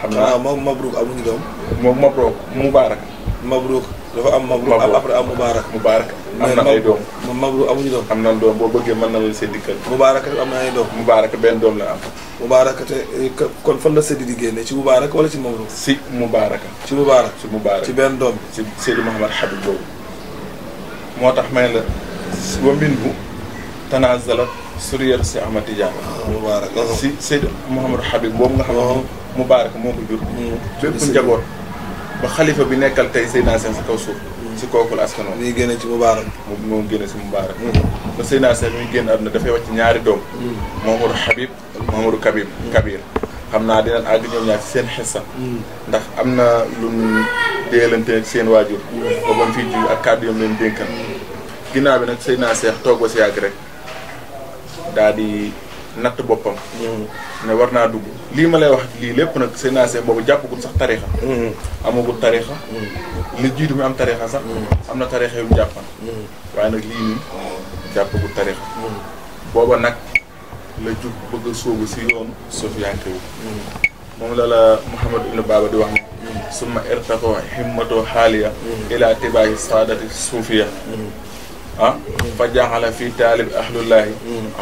xam na ah, moom Mabrouk amuñu doom. moom Mabrouk Moubarak. Mabrouk dafa am Mabrouk am après am Moubarak. Moubarak am na ay doom mais Mabrouk amuñu doom. am na doom boo bëggee mën na la see dikkal. Moubarak am na ay doom. Moubarak benn doom la am. Moubarak te eh, kon fan la Seydi di génne ci Moubarak wala ci Mabrouk. si Moubarak. ci Moubarak ci Moubarak ci benn doom bi. si Seydi Mouhamad Habib boobu moo tax may la wa minhu tanazalat suriyal si Ahmad Tidiane mubaarak si Seyd Mouhamadou Habib boobu nga xam mu oh. mubaarak moo ko jur bépp mm. njaboot xalifa bi nekkal tey Seydina Seex si kaw suuf mm. si kookul askanoon mi génne ci mubaarak moom moom génne si mubaarak mm. ba Seydina Seex mi génn àdduna dafay wàcc ñaari doom Mouhamadou Habib Mouhamadou Kabir xam naa dinañ àgg ñoom seen xissa ndax am na lu ñu déelante ak seen waajur ba bam fii ji ak kàddu yom leen dénkan ginnaaw bi nag Seydina Seex toog ba si yàgg rek daa di natt boppam. ne war naa dugg lii ma lay wax lii lépp nag CNAC boobu jàppagul sax tarixa amagul tarixa li jiitu mi am tarixa sax. am na tarixa yu mu jàppan. waaye nag lii nii jàppagul tarixa booba nag la jug bëgg a si yoonu sofiyanke wu moom la la Mouhamad ibn Baba di wax suma summa irtato himmato xaaliya. ila tibaahi saadati suufiya ah fa jaxala fii taalib ahlullahi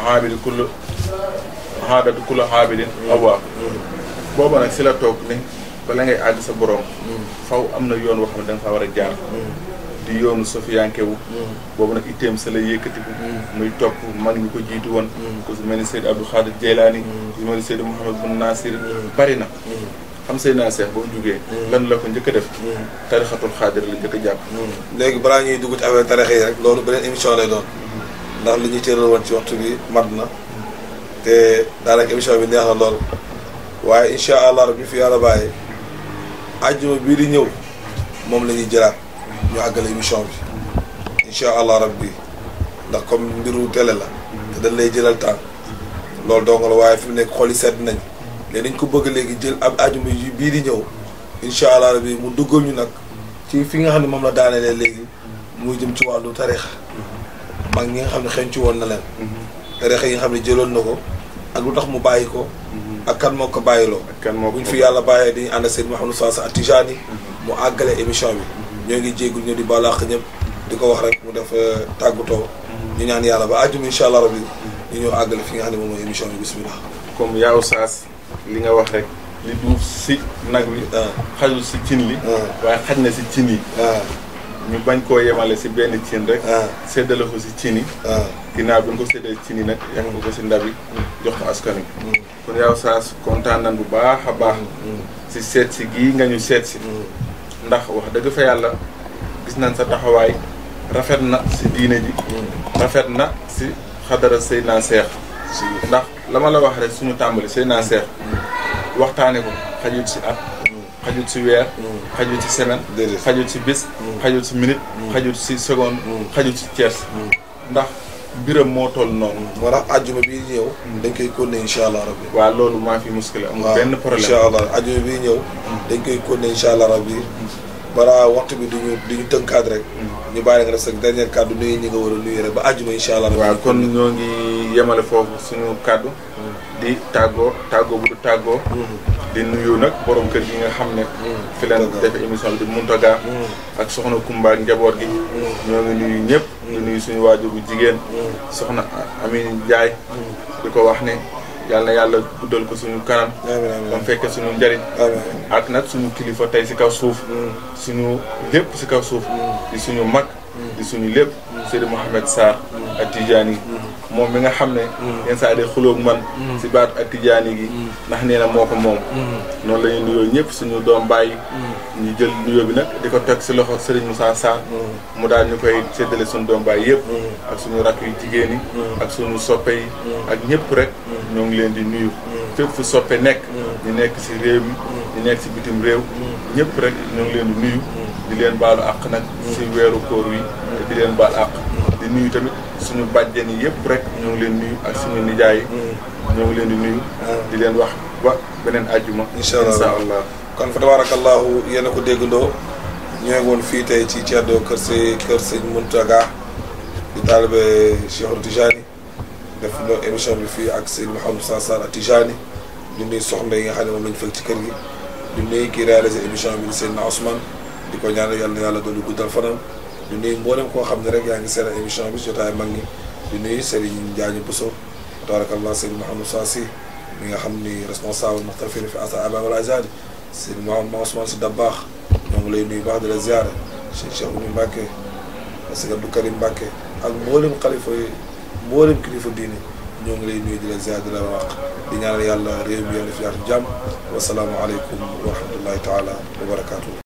xaabid mm. kullu xaadat kullu xaabidin awaa mm. booba nag si la toog ni bala ngay àgg sa borom mm. faw am na yoon woo xam ne da nga war a jaar di yoonu sofiyankewu boobu nag itteem sa la yëkkatiku muy topp man ñu ko jiitu woon ku si mel ni Seydou Abdou Khadir Jeylaani ku si mel ni Bun Nasir bari na xam seen naa seex ba mu jugee. Hmm. lan la ko njëkk a def. Hmm. tarixatul xaadir la njëkk a jàpp. Hmm. léegi balaa ñuy dugg ci affaire tarix yi rek loolu beneen émission lay doon. ndax li ñuy tëral woon ci waxtu bi mat na. te daal émission bi neex na lool. waaye incha allah rab fi yàlla bàyyi. àjjuma bii di ñëw. moom la ñuy àggale émission bi. incha allah rab bi ndax comme mbiru télé la. te dañ lay jëlal temps. loolu dong la waaye fi mu nekk xol yi sedd nañ. ne dañ ko bëgg léegi jël ab ajuma yi bii di ñëw incha allah rabi mu duggal ñu nag ci fi nga xam ne moom la daanelee léegi muy jëm ci wàllu tarixa mag ñi nga xam ne xencu woon na leen tarixa xam ne jëloon na ko ak lu tax mu bàyyi ko ak kan moo ko bàyyiloo ñu fi yàlla bàyyee dañuy ànd ak seen Mouhamadou Sassa Atijani mu àggale émission bi ñoo ngi jéegul ñoo di balaax ñëpp di ko wax rek mu def euh, tàggutoo ñu ñaan yàlla ba àjjuma incha allah rabi ñu ñëw àggale fi nga xam ne moom mooy émission bi bismillah comme yaa oustaz li nga wax rek li duuf si nag wi euh, xajul si cin li euh. waaye xaj na si cin yi euh. ñu bañ koo yemale si benn cin rek séddale ko si cin yi ginnaaw bi nga ko séddale cin yi nag yàq ko si ndab yi jox ko askan wi mm. kon yow saas kontaan nan bu baax a baax mm. Mm. si seet si gii nga ñu seet si ndax wax dëgg fa yàlla gis nañ sa taxawaay rafet na si diine ji rafet na si xadara sëy naa seex ndax lama la wax rek suñu tàmbali seen naa seex waxtaane ko xajut si at xajut si weer xajut si semaine xajut ci bis xajut si minute xajut si seconde xajut ci cees ndax biram moo toll noonu moo tax ajjuma bi ñëw dañ koy continuer incha allah rabbi waaw loolu maa fi muskila amul benn problème incha allah ajjuma bii ñëw dañ koy continuer incha balaa waxtu bi duñu duñu tënkaat rek mm. ñu bàyyi nga rek sa dernier kàddu nuyu ñi nga war a nuyu rek ba àjjuma incha allah kon ñoo ngi yemale foofu suñu kàddu mm. di tàggoo tàggoo bu du tàggoo mm. di nuyu nag borom kër gi nga xam ne fi leen def émission bi di Muntaga ak soxna Kumba njaboot gi ñoo ngi nuyu ñëpp di nuyu suñu waajur bu jigéen soxna Amine Ndiaye di ko wax ne yàlla na yàlla guddal ko suñu kanam. amiin fekkee suñu njëriñ. ak nag suñu kilifa tey si kaw suuf. Mm. suñu lépp si kaw suuf. Mm. di suñu mag. Mm. di suñu lépp. Seydi Mouhamed Sarr. ak Tidiane moom mi nga xam ne. yenn saa day man. si baat ak Tidiane gi. ndax nee na moo ko moom. noonu la ñuy nuyoo ñëpp suñu doom bàyyi. ñu jël nuyoo bi nag di ko teg si loxo Serigne Moussa Sarr. mu daal ñu koy séddale suñu doom bàyyi yëpp. ak suñu rakk yu jigéen yi. ak suñu soppe yi. ak ñëpp rek. ñoo ngi leen di nuyu. Mm. fépp fu soppe nekk. ñu mm. nekk si réew mi. ñu mm. nekk si bitim réew. ñëpp rek ñoo ngi leen di nuyu. di leen baalu àq nag. si weeru koor yi di leen baal àq. di nuyu tamit suñu bàjjen yi yëpp rek ñoo ngi leen nuyu ak suñu nijaay ñoo ngi leen di nuyu. di leen wax ba beneen àjjuma. incha allah kon fa tabarakallahu yéen a ko déggandoo. ñoo ngi woon fii tey ci Ceddo kër si kër sëñ Muntaga di taalibe Cheikh Tijani def na émission bi fii ak Seydou Mouhamadou Sassane Atijani di nuyu soxna yi nga xam ne moom lañ fekk ci kër gi di nuyu kii réalisé émission bi di Seydina Ousmane di ko ñaanal yàlla na yàlla dolli guddal fanam di nuyu mboolem koo xam ne rek yaa ngi seetal émission bi jotaay mag ñi di nuyu Serigne Ndiagne Bousso tabarakallah Seydou Mouhamadou Sassi mi nga xam ni responsable muxtafir fi asa aba wal azadi Seydou Mouhamadou Ousmane si Dabbaax ñoo ngi lay nuyu baax di la ziyaara Cheikh Cheikh Oumy Mbacke Seydou Abdou Karim Mbacke ak mboolem xalifa yi mboolem kilifa diine ñoo ngi lay nuyu di la ziar di la wax di ñaanal yàlla réew mi yàlla fi yaatu jàmm wasalaamualeykum wa rahmatullahi